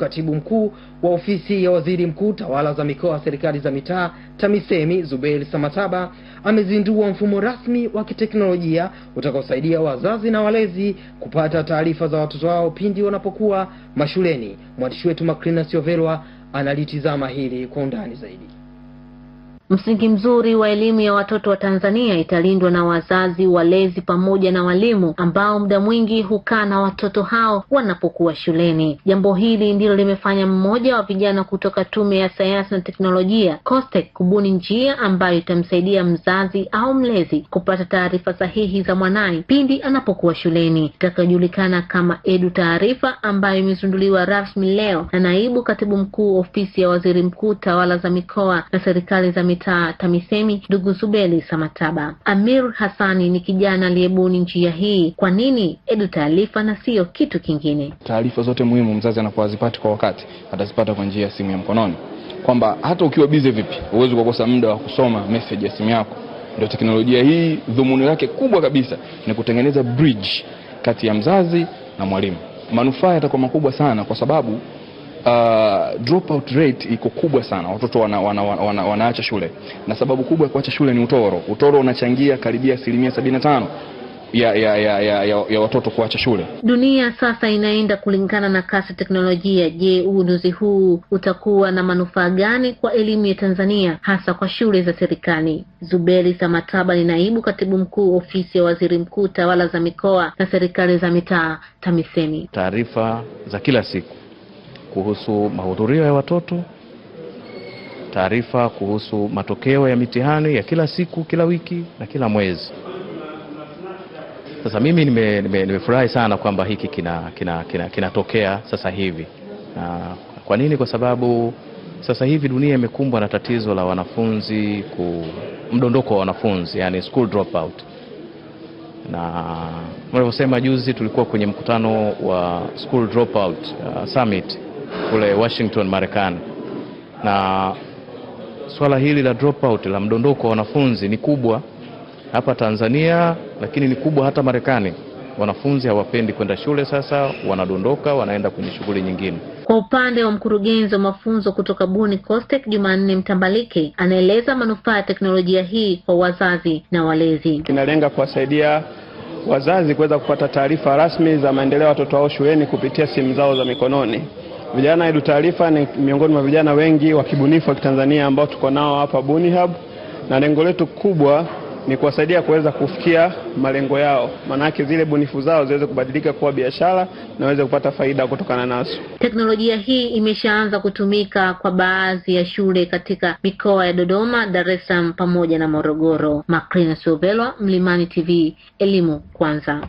Katibu mkuu wa ofisi ya waziri mkuu tawala za mikoa serikali za mitaa TAMISEMI Zuberi Samataba amezindua mfumo rasmi wa kiteknolojia utakaosaidia wazazi na walezi kupata taarifa za watoto wao pindi wanapokuwa mashuleni. Mwandishi wetu Makrina Siovelwa analitizama hili kwa undani zaidi. Msingi mzuri wa elimu ya watoto wa Tanzania italindwa na wazazi, walezi pamoja na walimu ambao muda mwingi hukaa na watoto hao wanapokuwa shuleni. Jambo hili ndilo limefanya mmoja wa vijana kutoka Tume ya Sayansi na Teknolojia COSTECH kubuni njia ambayo itamsaidia mzazi au mlezi kupata taarifa sahihi za mwanaye pindi anapokuwa shuleni itakayojulikana kama Edu Taarifa, ambayo imezinduliwa rasmi leo na naibu katibu mkuu ofisi ya waziri mkuu, tawala za mikoa na serikali za mitaa TAMISEMI ndugu Zubeli Samataba. Amir hasani ni kijana aliyebuni njia hii. Kwa nini Edu Taarifa na siyo kitu kingine? Taarifa zote muhimu mzazi anakuwa azipati kwa wakati, atazipata kwa njia ya simu ya mkononi, kwamba hata ukiwa bize vipi, huwezi kukosa muda wa kusoma meseji ya simu yako. Ndio teknolojia hii, dhumuni lake kubwa kabisa ni kutengeneza bridge kati ya mzazi na mwalimu. Manufaa yatakuwa makubwa sana, kwa sababu uh, dropout rate iko kubwa sana, watoto wana, wana, wana, wana, wanaacha shule, na sababu kubwa ya kuacha shule ni utoro. Utoro unachangia karibia asilimia tano ya, ya, ya, ya, ya, ya watoto kuacha shule. Dunia sasa inaenda kulingana na kasi teknolojia. Je, ugunduzi huu utakuwa na manufaa gani kwa elimu ya Tanzania hasa kwa shule za serikali? Zuberi Samataba ni naibu katibu mkuu ofisi ya waziri mkuu tawala za mikoa na serikali za mitaa TAMISEMI. Taarifa za kila siku kuhusu mahudhurio ya watoto, taarifa kuhusu matokeo ya mitihani ya kila siku, kila wiki na kila mwezi. Sasa mimi nimefurahi nime, nime sana kwamba hiki kinatokea kina, kina, kina sasa hivi. Na kwa nini? Kwa sababu sasa hivi dunia imekumbwa na tatizo la wanafunzi ku mdondoko wa wanafunzi yani school dropout. Na mnavyosema, juzi tulikuwa kwenye mkutano wa school dropout uh, summit kule Washington Marekani, na swala hili la dropout la mdondoko wa wanafunzi ni kubwa hapa Tanzania, lakini ni kubwa hata Marekani. Wanafunzi hawapendi kwenda shule, sasa wanadondoka, wanaenda kwenye shughuli nyingine. Kwa upande wa mkurugenzi wa mafunzo kutoka Buni kostek Jumanne Mtambalike, anaeleza manufaa ya teknolojia hii kwa wazazi na walezi. Kinalenga kuwasaidia wazazi kuweza kupata taarifa rasmi za maendeleo ya watoto wao shuleni kupitia simu zao za mikononi. Vijana Edu Taarifa ni miongoni mwa vijana wengi wa kibunifu wa Kitanzania ambao tuko nao hapa Bunihub, na lengo letu kubwa ni kuwasaidia kuweza kufikia malengo yao, maanake zile bunifu zao ziweze kubadilika kuwa biashara na waweze kupata faida kutokana nazo. Teknolojia hii imeshaanza kutumika kwa baadhi ya shule katika mikoa ya Dodoma, Dar es Salaam pamoja na Morogoro. Maclean Sovelwa, Mlimani TV, elimu kwanza.